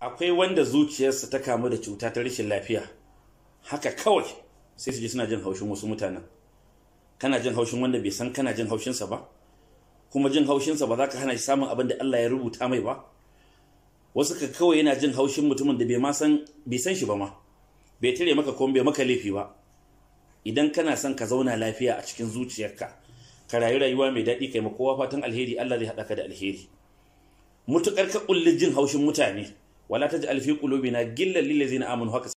akwai wanda zuciyarsa ta kamu da cuta ta rashin lafiya haka kawai sai su ji suna jin haushin wasu mutanen kana jin haushin wanda bai san kana jin haushinsa ba kuma jin haushinsa ba za ka hana shi samun abin da Allah ya rubuta mai ba wasu ka kawai yana jin haushin mutumin da bai ma san shi ba ma bai tare maka ko bai maka laifi ba idan kana son ka zauna lafiya a cikin zuciyarka ka rayu rayuwa mai daɗi kai ma kowa fatan alheri Allah zai haɗa ka da alheri mutukar ka kullun jin haushin mutane ولا تجعل في قلوبنا غلا للذين امنوا هكذا